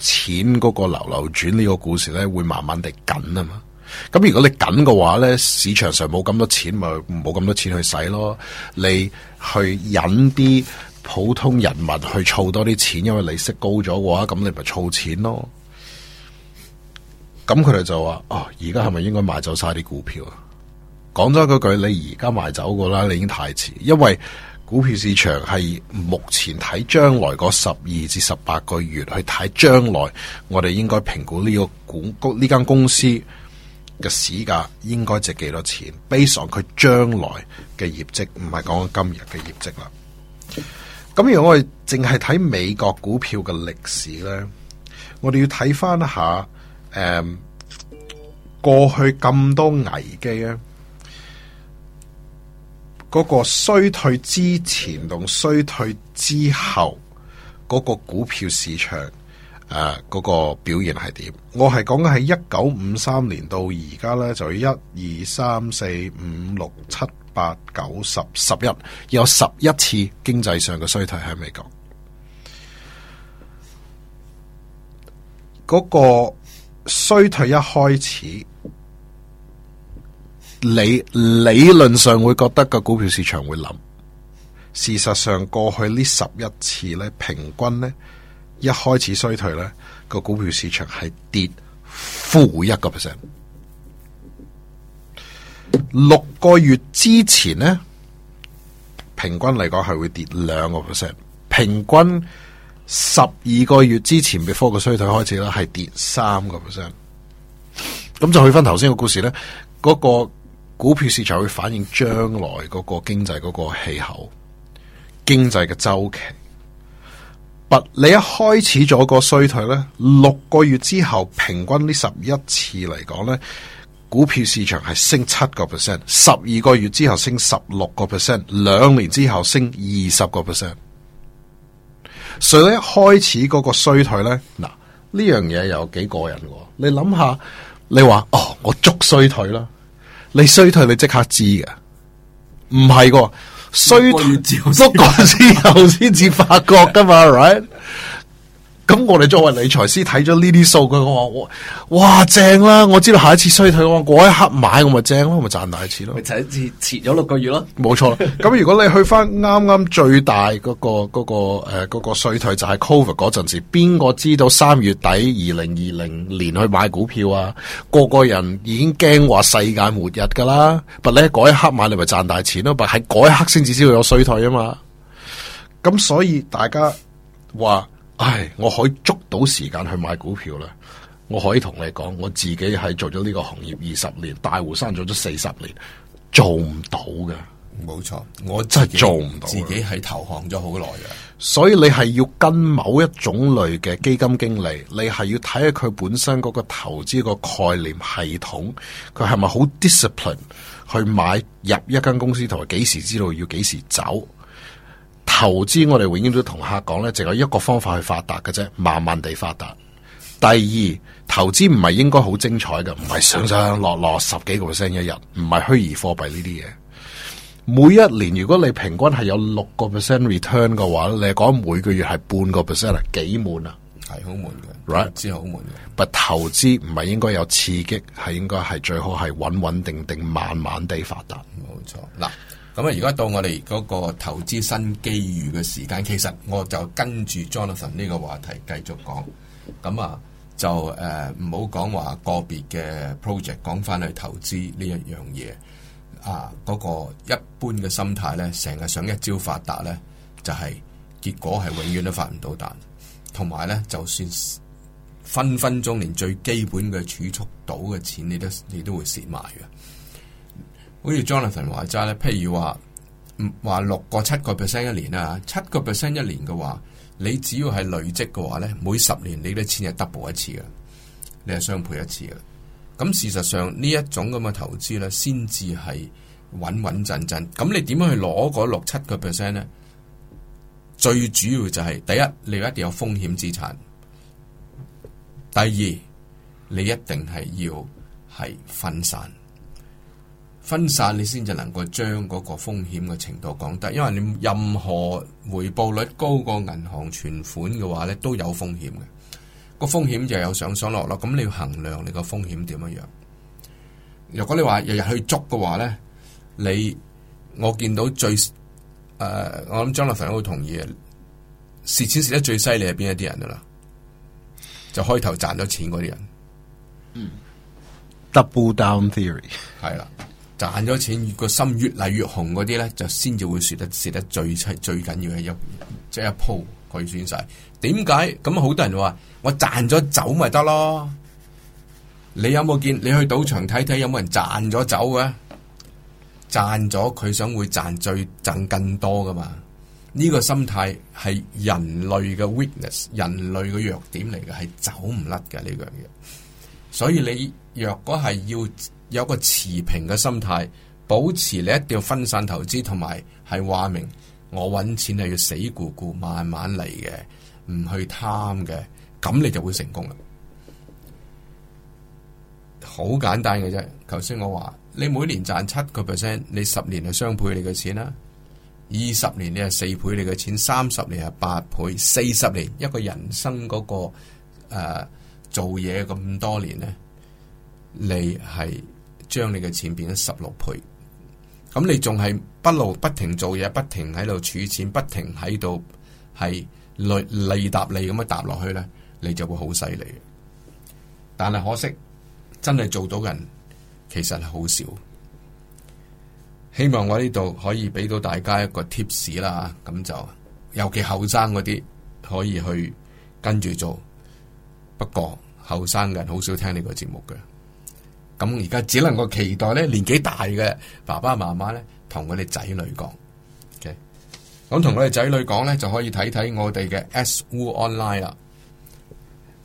錢嗰個流流轉呢個故事咧，會慢慢地緊啊嘛。咁、嗯、如果你緊嘅話咧，市場上冇咁多錢，咪冇咁多錢去使咯。你去引啲普通人民去儲多啲錢，因為利息高咗嘅話，咁、嗯、你咪儲錢咯。咁佢哋就話：哦，而家係咪應該賣走晒啲股票啊？講咗嗰句，你而家賣走個啦，你已經太遲，因為。股票市場係目前睇將來嗰十二至十八個月，去睇將來我哋應該評估呢、這個股呢間公司嘅市價應該值幾多錢？Based on 佢將來嘅業績，唔係講今日嘅業績啦。咁如果我哋淨係睇美國股票嘅歷史呢，我哋要睇翻一下誒、嗯、過去咁多危機啊！嗰個衰退之前同衰退之後，嗰、嗰個股票市場嗰、呃嗰個表現係點？我係講嘅係一九五三年到而家呢，就一、二、三、四、五、六、七、八、九、十、十一，有十一次經濟上嘅衰退喺美國。嗰、嗰個衰退一開始。理理論上會覺得個股票市場會冧，事實上過去呢十一次咧，平均咧一開始衰退咧，個股票市場係跌負一個 percent。六個月之前咧，平均嚟講係會跌兩個 percent。平均十二個月之前，before 個衰退開始啦，係跌三個 percent。咁就去翻頭先個故事咧，嗰、嗰個。股票市場會反映將來嗰個經濟嗰個氣候、經濟嘅周期。不，你一開始咗個衰退呢，六個月之後平均呢十一次嚟講呢，股票市場係升七個 percent，十二個月之後升十六個 percent，兩年之後升二十個 percent。所以一開始嗰個衰退呢，嗱，呢樣嘢有幾過癮喎！你諗下，你話哦，我捉衰退啦。你衰退你即刻知噶，唔係個衰退縮緊之後先至發覺噶嘛，right？咁我哋作為理財師睇咗呢啲數據，佢講話哇，哇正啦！我知道下一次衰退，我嗰一刻買我咪正咯，我咪賺大錢咯。咪就一次遲咗六個月咯，啊，冇錯啦。咁 *laughs* 如果你去翻啱啱最大嗰，嗰個，嗰個誒，呃嗰個衰退就係 COVID 嗰陣時，邊個知道三月底二零二零年去買股票啊？個個人已經驚話世界末日噶啦，但係嗰一刻買你咪賺大錢咯，啊。但喺嗰一刻先至知道有衰退啊嘛。咁所以大家話。唉，我可以捉到時間去買股票啦。我可以同你講，我自己係做咗呢個行業二十年，大湖山做咗四十年，做唔到嘅。冇錯，我真係做唔到。自己喺投行咗好耐嘅，所以你係要跟某一種類嘅基金經理，你係要睇下佢本身嗰個投資個概念系統，佢係咪好 discipline 去買入一間公司同埋幾時知道要幾時走。投資我哋永遠都同客講咧，就有一個方法去發達嘅啫，慢慢地發達。第二，投資唔係應該好精彩嘅，唔係上上落落十幾個 percent 一日，唔係虛擬貨幣呢啲嘢。每一年如果你平均係有六個 percent return 嘅話，你講每個月係半個 percent 啊，幾悶啊？係好悶嘅，right？知好悶嘅。但投資唔係應該有刺激，係應該係最好係穩穩定定，慢慢地發達。冇錯，嗱。咁啊！而家到我哋嗰個投資新機遇嘅時間，其實我就跟住 Jonathan 呢個話題繼續講。咁、嗯呃、啊，就誒唔好講話個別嘅 project，講翻去投資呢一樣嘢啊，嗰個一般嘅心態咧，成日想一朝發達咧，就係、是、結果係永遠都發唔到達，同埋咧，就算分分鐘連最基本嘅儲蓄到嘅錢你，你都你都會蝕埋嘅。好似 Jonathan 話齋咧，譬如話，話六個、七個 percent 一年啊。七個 percent 一年嘅話，你只要係累積嘅話咧，每十年你啲錢係 double 一次嘅，你係雙倍一次嘅。咁事實上呢一種咁嘅投資咧，先至係穩穩陣陣。咁你點樣去攞嗰六七個 percent 咧？最主要就係、係、第一，你一定要有風險資產；第二，你一定係要係分散。分散你先至能夠將嗰個風險嘅程度講得，因為你任何回報率高過銀行存款嘅話咧，都有風險嘅。個風險就有上上落落，咁你要衡量你個風險點樣。如果你話日日去捉嘅話咧，你我見到最誒、呃，我諗張立凡都會同意嘅，蝕錢蝕得最犀利係邊一啲人噶啦，就開頭賺咗錢嗰啲人。嗯，Double Down Theory 係啦。賺咗錢，個心越嚟越紅嗰啲咧，就先至會蝕得蝕得最出最緊要嘅一即係一鋪佢輸晒。點解咁？好多人話我賺咗走咪得咯？你有冇見你去賭場睇睇有冇人賺咗走嘅？賺咗佢想會賺最賺更多噶嘛？呢個心態係人類嘅 weakness 人類嘅弱點嚟嘅，係走唔甩嘅呢樣嘢。所以你若果係要。有個持平嘅心態，保持你一定要分散投資，同埋係話明我揾錢係要死咕咕慢慢嚟嘅，唔去貪嘅，咁你就會成功啦。好簡單嘅啫，頭先我話你每年賺七個 percent，你十年係雙倍你嘅錢啦，二十年你係四倍你嘅錢，三十年係八倍，四十年一個人生嗰、那個誒、呃、做嘢咁多年咧，你係。將你嘅錢變咗十六倍，咁你仲係不勞不停做嘢，不停喺度儲錢，不停喺度係利利搭利咁樣搭落去呢，你就會好犀利。但係可惜，真係做到人其實係好少。希望我呢度可以俾到大家一個 tips 啦，咁就尤其後生嗰啲可以去跟住做。不過後生嘅人好少聽呢個節目嘅。咁而家只能夠期待咧年紀大嘅爸爸媽媽咧，同佢哋仔女講。咁同佢哋仔女講咧，就可以睇睇我哋嘅 S Woo Online 啦。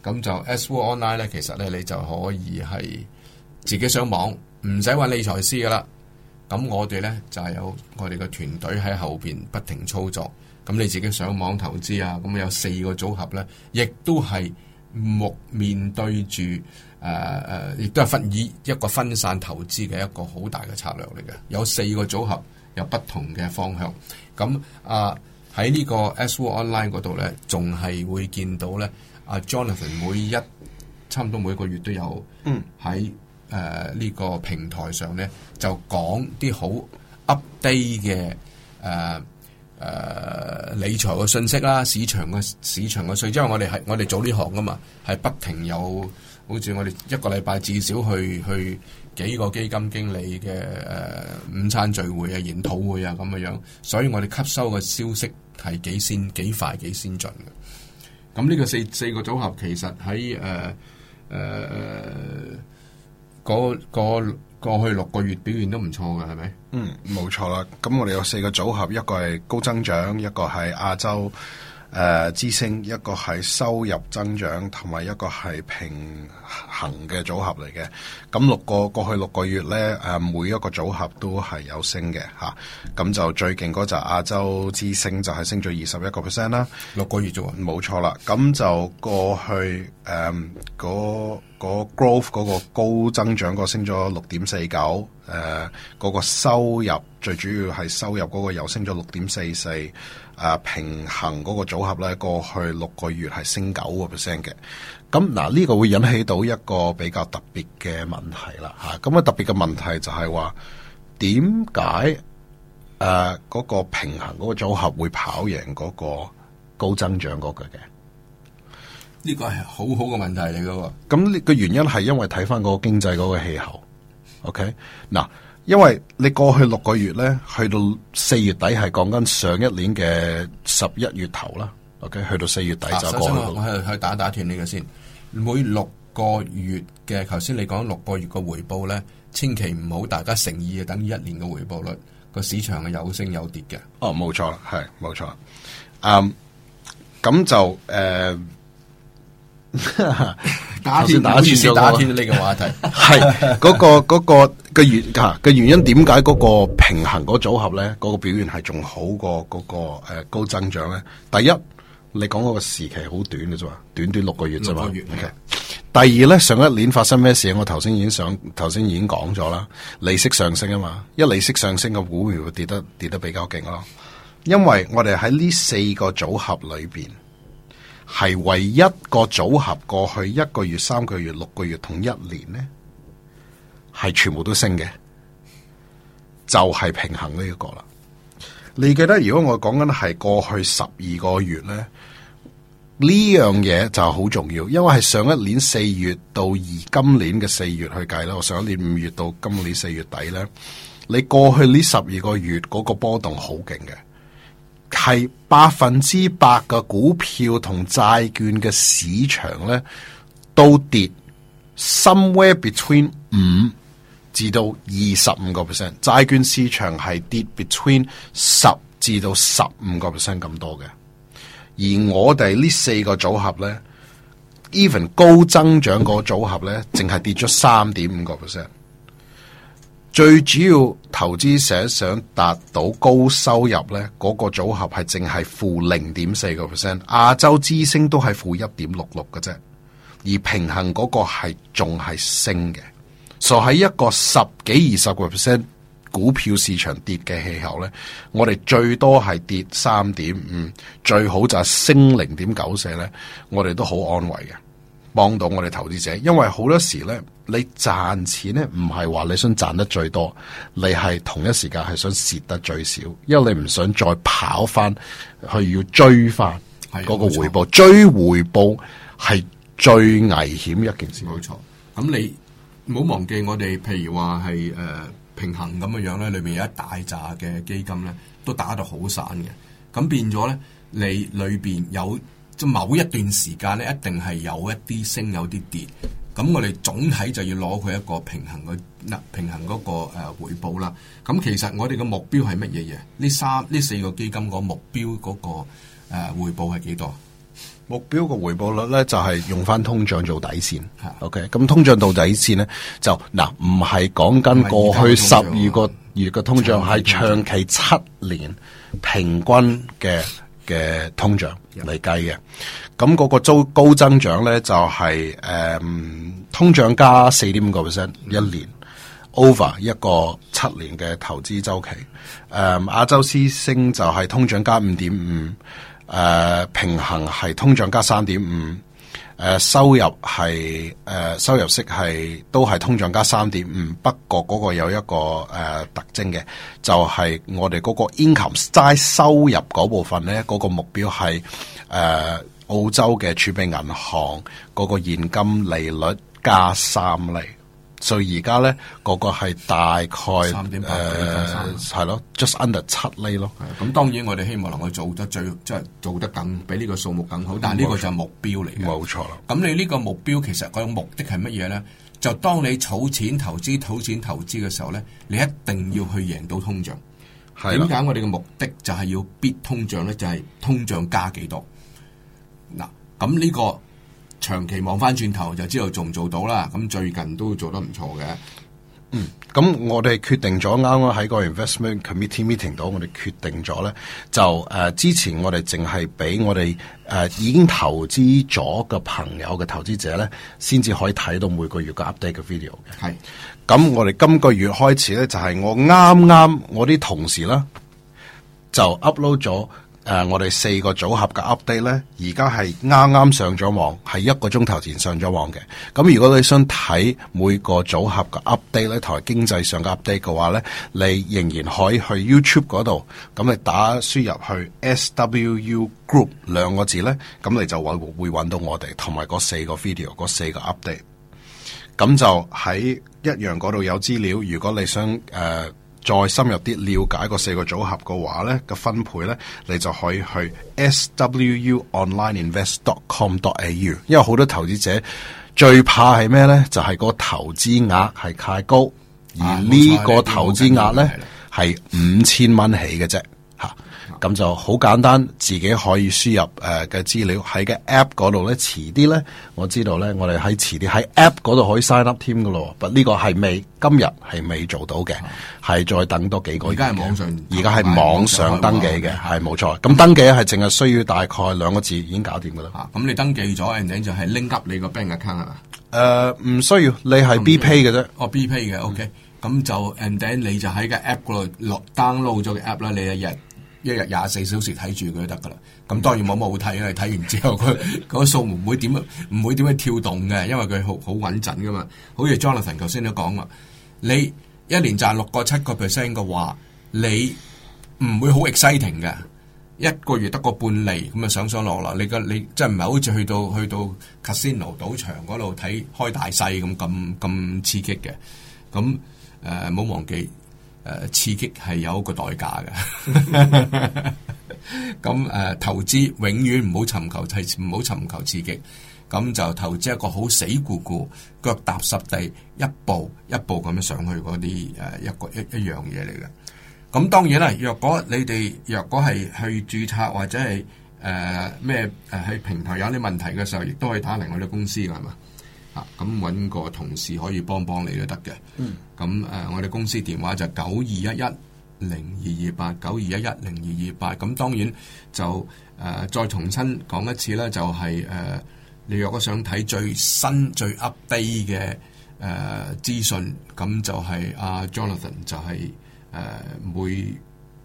咁就 S Woo Online 咧，其實咧你就可以係自己上網，唔使話理財師噶啦。咁我哋咧就係有我哋嘅團隊喺後邊不停操作。咁你自己上網投資啊，咁有四個組合咧，亦都係目面對住。誒誒，亦、啊、都係分以一個分散投資嘅一個好大嘅策略嚟嘅。有四個組合，有不同嘅方向。咁啊喺呢個 AskWall Online 嗰度咧，仲係會見到咧。阿、啊、Jonathan 每一差唔多每個月都有喺誒呢個平台上咧，就講啲好 update 嘅誒誒、啊啊、理財嘅信息啦。市場嘅市場嘅，所以因為我哋係我哋做呢行噶嘛，係不停有。好似我哋一個禮拜至少去去幾個基金經理嘅午餐聚會啊、研討會啊咁嘅樣，所以我哋吸收嘅消息係幾先幾快幾先進嘅。咁呢個四四個組合其實喺誒誒嗰個，個過去六個月表現都唔錯㗎，係咪？嗯，冇錯啦。咁我哋有四個組合，一個係高增長，一個係亞洲。誒，資星、呃、一個係收入增長，同埋一個係平衡嘅組合嚟嘅。咁六個過去六個月咧，誒、呃、每一個組合都係有升嘅嚇。咁、啊、就最勁嗰隻亞洲資星就係、是、升咗二十一個 percent 啦。六個月就冇錯啦。咁就過去誒嗰。呃個 growth 嗰高增長個升咗六點四九，誒、呃、嗰、嗰個收入最主要係收入嗰個又升咗六點四四，啊、呃、平衡嗰個組合咧過去六個月係升九個 percent 嘅，咁嗱呢個會引起到一個比較特別嘅問題啦嚇，咁啊、嗰個、特別嘅問題就係話點解誒嗰個平衡嗰個組合會跑贏嗰個高增長嗰個嘅？呢個係好好嘅問題嚟噶喎，咁呢個原因係因為睇翻嗰個經濟嗰個氣候，OK 嗱，因為你過去六個月咧，去到四月底係講緊上一年嘅十一月頭啦，OK，去到四月底就過去。啊、我去打打斷你嘅先，每六個月嘅頭先你講六個月個回報咧，千祈唔好大家乘以啊，等於一年嘅回報率，個市場係有升有跌嘅。哦，冇錯啦，係冇錯，嗯，咁、um, 就誒。Uh, *laughs* 打先 *laughs* 打先打轉呢個 *laughs* 你話題， *laughs* 係、那、嗰個嗰、那個嘅、原嘅原因，點解嗰個平衡嗰組合咧，嗰、那個表現係仲好過嗰、那個誒、呃、高增長咧？第一，你講嗰個時期好短嘅啫，短短六個月啫嘛。月 okay? 第二咧，上一年發生咩事？我頭先已經想頭先已經講咗啦，利息上升啊嘛，一利息上升嘅、那個、股票會跌得跌得比較勁咯。因為我哋喺呢四個組合裏邊。係唯一個組合，過去一個月、三個月、六個月同一年呢，係全部都升嘅，就係、是、平衡呢一個啦。你記得，如果我講緊係過去十二個月呢，呢樣嘢就好重要，因為係上一年四月到而今年嘅四月去計啦。我上一年五月到今年四月底呢，你過去呢十二個月嗰個波動好勁嘅。係百分之百嘅股票同債券嘅市場咧，都跌，somewhere between 五至到二十五個 percent。債券市場係跌 between 十至到十五個 percent 咁多嘅。而我哋呢四個組合咧，even 高增長個組合咧，淨係跌咗三點五個 percent。最主要投資者想達到高收入呢，嗰個組合係淨係負零點四個 percent，亞洲之星都係負一點六六嘅啫，而平衡嗰個係仲係升嘅，所以喺一個十幾二十個 percent 股票市場跌嘅氣候呢，我哋最多係跌三點五，最好就係升零點九四呢。我哋都好安慰嘅。幫到我哋投資者，因為好多時咧，你賺錢咧唔係話你想賺得最多，你係同一時間係想蝕得最少，因為你唔想再跑翻去要追翻嗰個回報，追回報係最危險嘅一件事。冇錯，咁你唔好忘記我哋，譬如話係誒平衡咁嘅樣咧，裏邊有一大扎嘅基金咧，都打得好散嘅，咁變咗咧，你裏邊有。就某一段時間咧，一定係有一啲升，有啲跌。咁我哋總體就要攞佢一個平衡嘅平衡嗰個回報啦。咁其實我哋嘅目標係乜嘢嘢？呢三呢四個基金個目標嗰個誒回報係幾多？目標個回報率咧就係用翻通脹做底線。 *laughs* OK，咁通脹到底線咧就嗱唔係講緊過去十二個月嘅通脹，係長期七年平均嘅。 *laughs* 嘅通脹嚟計嘅，咁、嗯、嗰、那個租高增長咧就係、是、誒、嗯、通脹加四點五個 percent 一年、mm hmm. over 一個七年嘅投資周期，誒、嗯、亞洲師星就係通脹加五點五，誒、呃、平衡係通脹加三點五。誒收入係誒、呃、收入息係都係通脹加三點五，不過嗰個有一個誒、呃、特徵嘅，就係、是、我哋嗰個 income side 收入嗰部分咧，嗰、那個目標係誒、呃、澳洲嘅儲備銀行嗰個現金利率加三厘。所以而家咧，個個係大概三點誒係咯，just under 七厘咯。咁當然我哋希望能夠做得最即係做得更比呢個數目更好，但係呢個就係目標嚟。嘅。冇 *noise* 錯啦。咁你呢個目標其實個目的係乜嘢咧？就當你儲錢投資、儲錢投資嘅時候咧，你一定要去贏到通脹。點解 *noise* 我哋嘅目的就係要 beat 通脹咧？就係、是、通脹加幾多？嗱，咁呢、這個。長期望翻轉頭就知道仲做到啦，咁最近都做得唔錯嘅。嗯，咁我哋決定咗，啱啱喺個 Investment Committee Meeting 度，我哋決定咗咧，就誒之前我哋淨係俾我哋誒已經投資咗嘅朋友嘅投資者咧，先至可以睇到每個月嘅 update 嘅 video 嘅。係，咁我哋今個月開始咧，就係我啱啱我啲同事啦，就 upload 咗。誒，uh, 我哋四個組合嘅 update 咧，而家係啱啱上咗網，係一個鐘頭前上咗網嘅。咁如果你想睇每個組合嘅 update 咧，同埋經濟上嘅 update 嘅話咧，你仍然可以去 YouTube 嗰度，咁你打輸入去 SWU Group 兩個字咧，咁你就會會揾到我哋同埋嗰四個 video 嗰四個 update。咁就喺一樣嗰度有資料。如果你想誒。Uh, 再深入啲了解個四個組合嘅話咧，個分配咧，你就可以去 SWU Online Invest dot com dot au。因為好多投資者最怕係咩咧？就係、是、個投資額係太高，而呢個投資額咧係五千蚊起嘅啫，嚇。咁就好簡單，自己可以輸入誒嘅資料喺個 App 嗰度咧，遲啲咧我知道咧，我哋喺遲啲喺 App 嗰度可以 sign up 添噶咯，不呢個係未今日係未做到嘅，係、啊、再等多幾個月。而家係網上，而家係網上登記嘅，係冇錯。咁登記係淨係需要大概兩個字已經搞掂噶啦。吓、啊，咁你登記咗 and then 就係拎翻你個 bank account 係嘛？誒，唔需要，你係 B pay 嘅啫、啊，我 B pay 嘅，OK，咁就 and then 你就喺個 App 嗰度落 download 咗個 App 啦，你一日。一日廿四小時睇住佢就得噶啦，咁當然冇乜好睇啊！睇完之後，佢嗰數唔會點樣，唔會點樣跳動嘅，因為佢好好穩陣噶嘛。好似 Jonathan 頭先都講啦，你一年賺六個七個 percent 嘅話，你唔會好 exciting 嘅。一個月得個半厘咁啊，上上落落，你嘅你真唔係好似去到去到 casino 賭場嗰度睇開大細咁咁咁刺激嘅。咁誒，冇、呃、忘記。誒，刺激係有一個代價嘅， *laughs* 咁、啊、誒投資永遠唔好尋求提唔好尋求刺激，咁就投資一個好死咕咕、腳踏實地，一步一步咁樣上去嗰啲誒一個一一,一樣嘢嚟嘅。咁當然啦，若果你哋若果係去註冊或者係誒咩誒喺平台有啲問題嘅時候，亦都可以打另外啲公司係嘛。啊，咁搵個同事可以幫幫你都得嘅。咁誒、嗯啊，我哋公司電話就九二一一零二二八，九二一一零二二八。咁當然就誒、啊、再重新講一次咧，就係、是、誒、啊、你若果想睇最新最 update 嘅誒、啊、資訊，咁就係、是、阿、啊、Jonathan 就係、是、誒、啊、每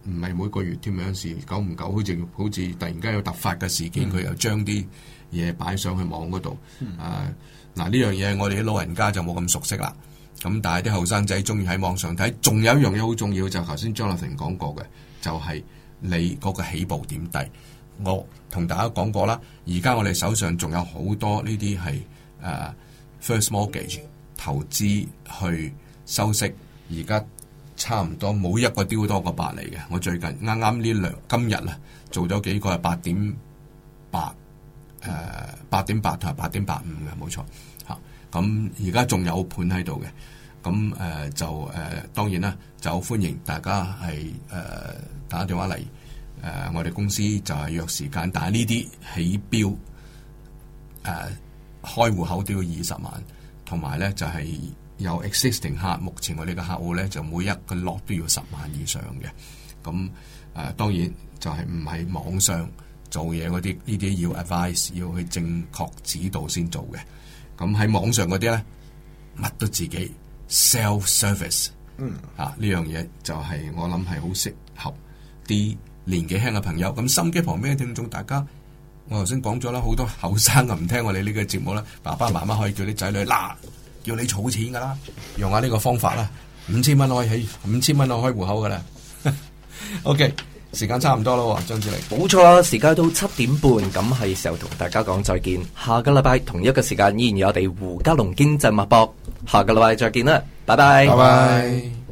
唔係每個月添樣事，久唔久好似好似突然間有突發嘅事件，佢、嗯、又將啲嘢擺上去網嗰度啊。嗯嗱呢樣嘢我哋啲老人家就冇咁熟悉啦，咁但係啲後生仔中意喺網上睇，仲有一樣嘢好重要就係頭先張立庭講過嘅，就係、是就是、你嗰個起步點低。我同大家講過啦，而家我哋手上仲有好多呢啲係誒 first mortgage 投資去收息，而家差唔多冇一個 deal 多過八厘嘅。我最近啱啱呢兩今日啊做咗幾個係八點八。誒八點八同埋八點八五嘅冇錯嚇，咁而家仲有盤喺度嘅，咁誒、呃、就誒、呃、當然啦，就歡迎大家係誒、呃、打電話嚟誒、呃，我哋公司就係約時間，但係呢啲起標誒、呃、開戶口都要二十萬，同埋咧就係、是、有 existing 客，目前我哋嘅客戶咧就每一個 lock 都要十萬以上嘅，咁誒、呃、當然就係唔係網上。做嘢嗰啲呢啲要 advice 要去正確指導先做嘅。咁喺網上嗰啲咧，乜都自己 self service。嗯，啊呢樣嘢就係、是、我諗係好適合啲年紀輕嘅朋友。咁心機旁邊嘅聽眾，大家我頭先講咗啦，好多後生啊唔聽我哋呢個節目啦。爸爸媽媽可以叫啲仔女嗱，要你儲錢噶啦，用下呢個方法啦，五千蚊可以起，五千蚊可以開戶口噶啦。 *laughs* OK。時間差唔多啦，張志玲，冇錯啦，時間到七點半，咁係時候同大家講再見。下個禮拜同一個時間，依然有我哋胡嘉龍經濟脈搏。下個禮拜再見啦，拜拜。Bye bye bye bye